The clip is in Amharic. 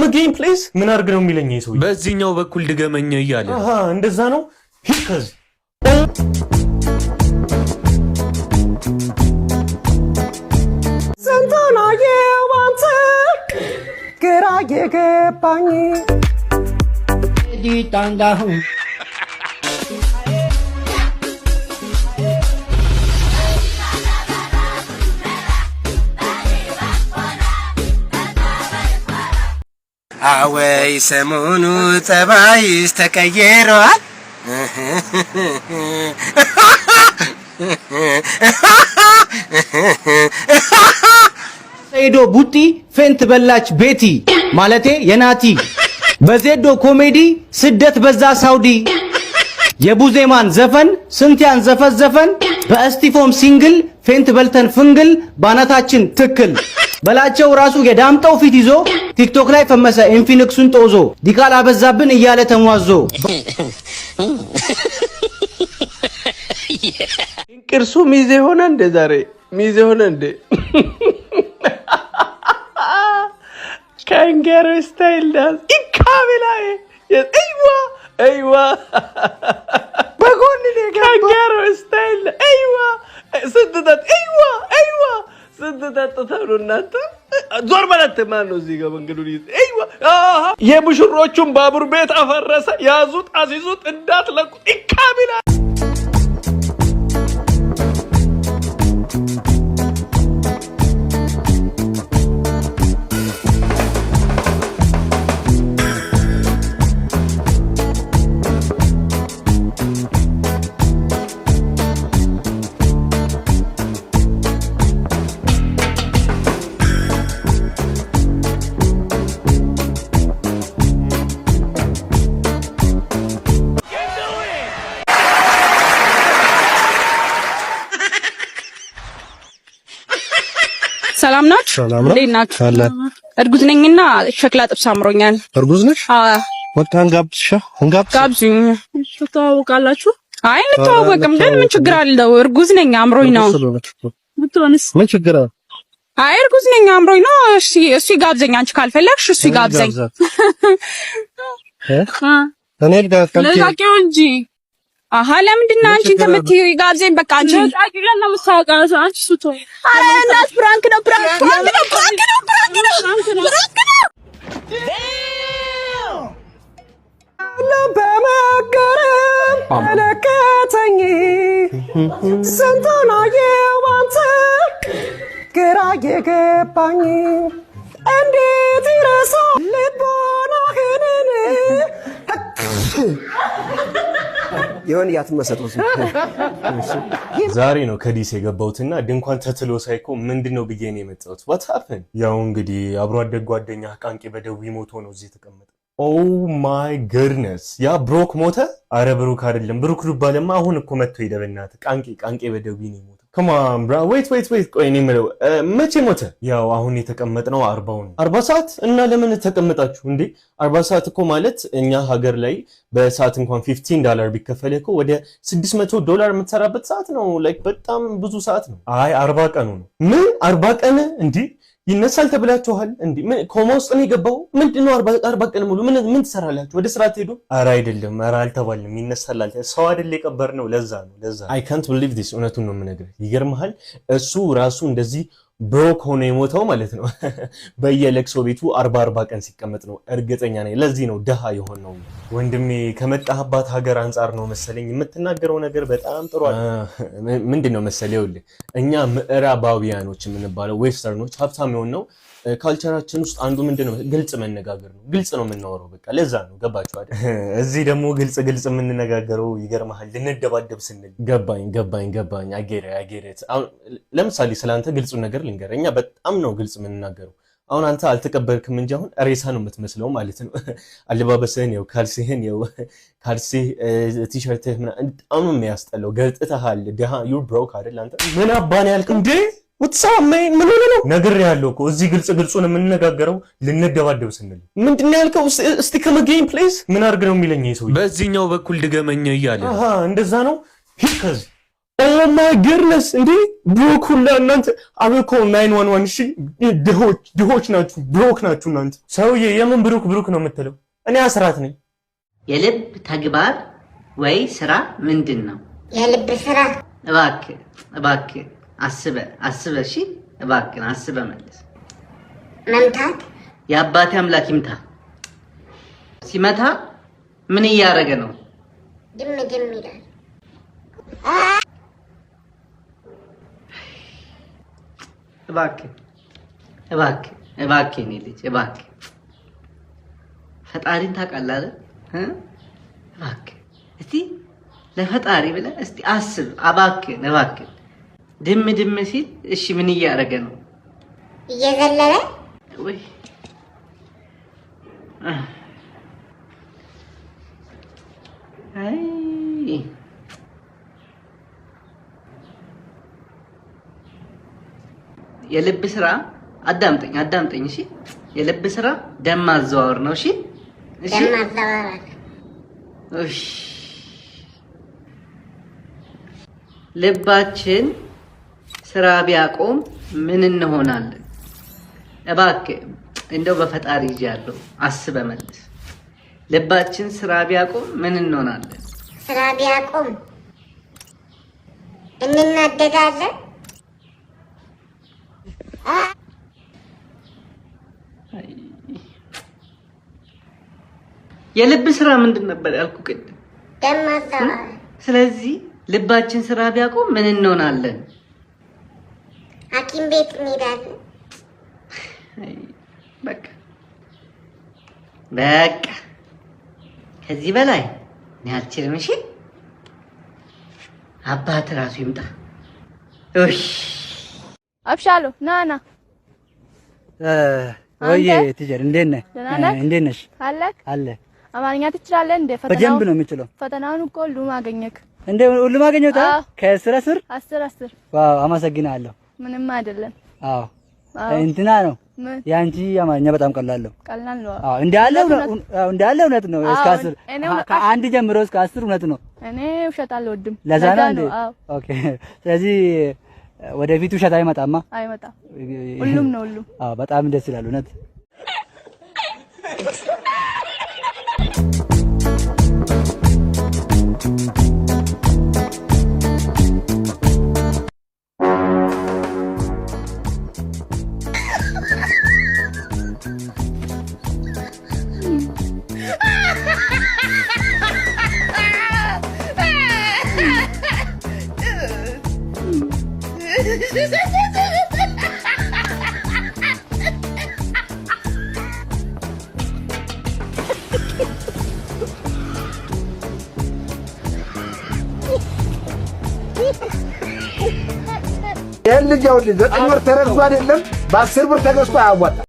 ድገም ጌም ፕሌስ ምን አድርግ ነው የሚለኝ ሰው በዚህኛው በኩል ድገመኛ እያለ እንደዛ ነው። ሂድ ከዚህ ስንቱን አየው አንተ ግራ የገባኝ አወይ ሰሞኑ ጠባይስ ተቀየረዋል። ዜዶ ቡጢ ፌንት በላች ቤቲ ማለቴ የናቲ በዜዶ ኮሜዲ ስደት በዛ ሳውዲ የቡዜማን ዘፈን ስንት ዘፈን በእስቲፎም ሲንግል ፌንት በልተን ፍንግል ባናታችን ትክል በላቸው ራሱ የዳምጠው ፊት ይዞ ቲክቶክ ላይ ፈመሰ ኢንፊኒክሱን ጦዞ ዲቃላ በዛብን እያለ ተሟዞ ቅርሱ ሚዜ ሆነ እንደ ዛሬ ሚዜ ሆነ እንደ ካንጋሮ ስታይል ዳንስ ይካብላዬ እይዋ እይዋ በጎን ካንጋሮ ስታይል እይዋ ስትጠጥ እይዋ እይዋ ስትጠጥ ተብሎ እናንተ ዞር በለት ማን ነው እዚህ ጋር መንገዱን ይዘ የሙሽሮቹን ባቡር ቤት አፈረሰ። ያዙት፣ አስይዙት፣ እንዳትለቁት ይካቢላል። ሰላም ናችሁ? ሰላም ነው። እንዴት ናችሁ? እርጉዝ ነኝና ሸክላ ጥብስ አምሮኛል። እርጉዝ ነሽ? አዎ። ወጣ እንጋብዝሻ እንጋብዝ ጋብዙኝ። ትተዋወቃላችሁ? አይ እንተዋወቅም፣ ግን ምን ችግር አለው? እርጉዝ ነኝ አምሮኝ ነው። ብትሆንስ ምን ችግር አለው? አይ እርጉዝ ነኝ አምሮኝ ነው። እሺ እሱ ይጋብዘኝ። አንቺ ካልፈለግሽ እሱ ይጋብዘኝ። እኔ ልጋብዝ ካልኩ ለዛቄው እንጂ አሃ ለምንድን ነው አንቺ እንትን ይጋብዘኝ በቃ አንቺ ኧረ እናት ፕራንክ ነው ፕራንክ ነው ፕራንክ ነው ፕራንክ ነው ፕራንክ ነው መለከተኝ ስንቱን አየሁ ግራ የገባኝ እንዴት ይረሳል የሆን ያትመሰጡት ዛሬ ነው ከዲስ የገባሁትና ድንኳን ተትሎ ሳይኮ ምንድን ነው ብዬ ነው የመጣሁት። ያው እንግዲህ አብሮ አደግ ጓደኛ ቃንቄ በደዊ ሞቶ ነው እዚህ የተቀመጠ ኦ ማይ ገድነስ ያ ብሮክ ሞተ። አረ ብሮክ አይደለም ብሩክ ዱባለማ አሁን እኮ መጥቶ ሄደ። በእናትህ ቃንቄ ቃንቄ በደዊ ነው የሞተው። ከማን ብራ ወይት ወይት ወይት፣ ቆይ እኔ የምለው መቼ ሞተ? ያው አሁን የተቀመጥነው አርባው ነው። አርባ ሰዓት እና ለምን ተቀመጣችሁ እንዴ? አርባ ሰዓት እኮ ማለት እኛ ሀገር ላይ በሰዓት እንኳን ፊፍቲን ዳላር ቢከፈል እኮ ወደ ስድስት መቶ ዶላር የምትሰራበት ሰዓት ነው። ላይክ በጣም ብዙ ሰዓት ነው። አይ አርባ ቀኑ ነው። ምን አርባ ቀን እንዲህ ይነሳል ተብላችኋል። እንዲ ምን ኮማ ውስጥ ነው የገባው? ምንድነው? አርባ ቀን ሙሉ ምን ምን ትሰራላችሁ? ወደ ስራ ትሄዱ? ኧረ አይደለም፣ ኧረ አልተባልንም። ይነሳላል ሰው አይደል የቀበር ነው። ለዛ ነው ለዛ ነው። አይ ካንት ቢሊቭ ዲስ እውነቱን ነው የምነግርህ። ይገርምሃል እሱ ራሱ እንደዚህ ብሮክ ሆኖ የሞተው ማለት ነው። በየለቅሶ ቤቱ አርባ አርባ ቀን ሲቀመጥ ነው። እርግጠኛ ነኝ ለዚህ ነው ድሃ የሆን ነው። ወንድሜ ከመጣህባት ሀገር አንጻር ነው መሰለኝ የምትናገረው ነገር በጣም ጥሩ። ምንድን ነው መሰለ ይኸውልህ እኛ ምዕራባውያኖች የምንባለው ዌስተርኖች ሀብታም የሆን ነው ካልቸራችን ውስጥ አንዱ ምንድን ነው? ግልጽ መነጋገር ነው። ግልጽ ነው የምናወረው፣ በቃ ለዛ ነው ገባችሁ አይደል? እዚህ ደግሞ ግልጽ ግልጽ የምንነጋገረው ይገርመሃል፣ ልንደባደብ ስንል ገባኝ ገባኝ ገባኝ አጌረ አጌሬት። ለምሳሌ ስለአንተ ግልጹ ነገር ልንገር፣ እኛ በጣም ነው ግልጽ የምንናገረው። አሁን አንተ አልተቀበልክም እንጂ አሁን ሬሳ ነው የምትመስለው ማለት ነው። አለባበስህን ው ካልሲህን ው ካልሲ ቲሸርትህ ምናምን በጣም ነው የሚያስጠላው። ገልጥተሃል ድሃ ዩ ብሮክ አይደል አንተ ምን አባን ያልክ እንዴ ምን ነው ነገር ያለው እኮ እዚህ ግልጽ ግልጹን የምንነጋገረው ልንደባደብ ስንል ምንድን ነው ያልከው? እስቲ ከመገኝ ፕሌስ ምን አድርግ ነው የሚለኝ ይሄ በዚህኛው በኩል ድገመኝ እያለ እንደዛ ነው ሂድ ከዚህ ኦማይ oh ገርነስ እንዴ ብሮክ ሁላ እናንተ አበኮ ናይን ዋን ዋን እሺ፣ ድሆች ድሆች ናችሁ፣ ብሮክ ናችሁ እናንተ። ሰውዬ የምን ብሩክ ብሩክ ነው የምትለው? እኔ አስራት ነኝ። የልብ ተግባር ወይ ስራ ምንድን ነው? የልብ ስራ እባክህ እባክህ አስበ አስበ እሺ፣ እባክህን አስበ መልስ መምታት የአባቴ አምላክ ይምታ። ሲመታ ምን እያደረገ ነው? ድም ድም ይላል። እባክህ እባክህ እባክህ እኔ ልጅ እባክህ፣ ፈጣሪን ታውቃለህ እባክህ እስቲ ለፈጣሪ ብለህ እስቲ አስብ። እባክህን እባክህን ድም ድም ሲል እሺ፣ ምን እያደረገ ነው? እየዘለለ ወይ አይ የልብ ስራ አዳምጠኝ አዳምጠኝ። እሺ የልብ ስራ ደም ማዘዋወር ነው። እሺ እሺ፣ ደም ማዘዋወር። እሺ ልባችን ስራ ቢያቆም ምን እንሆናለን? እባክህ እንደው በፈጣሪ እጅ ያለው አስበ መልስ። ልባችን ስራ ቢያቆም ምን እንሆናለን? ስራ ቢያቆም እንናደዳለን። የልብ ስራ ምንድን ነበር ያልኩህ ቅድም? ስለዚህ ልባችን ስራ ቢያቆም ምን እንሆናለን? ሐኪም ቤት እንሄዳለን። በቃ ከዚህ በላይ እኔ አልችልም። እሺ አባት እራሱ ይምጣ። እሺ አብሻሉ ናና ና ወይዬ እንዴት ነህ? እንዴት ነሽ? አለክ አለ አማርኛ ትችላለህ እንዴ? ፈተናው በደንብ ነው የምችለው። ፈተናውን እኮ ሁሉም አገኘክ እንዴ? ሁሉም አገኘሁት ከስር አስር አስር አስር። ዋው አመሰግናለሁ። ምንም አይደለም። አዎ እንትና ነው ያንቺ አማርኛ በጣም ቀላል ነው። ቀላል ነው። አዎ እንዳለ እንዳለ እውነት ነው። እስከ አስር ከአንድ ጀምሮ እስከ አስር እውነት ነው። እኔ ውሸት አልወድም። ለዛ ነው። ኦኬ። ስለዚህ ወደፊት ውሸት አይመጣማ። አይመጣ። ሁሉም ነው ሁሉም። አዎ በጣም ደስ ይላል እውነት ይህን ልጅ አሁን ዘጠኝ ወር ተረግዞ አይደለም በአስር ብር ተገዝቶ አያዋጣም።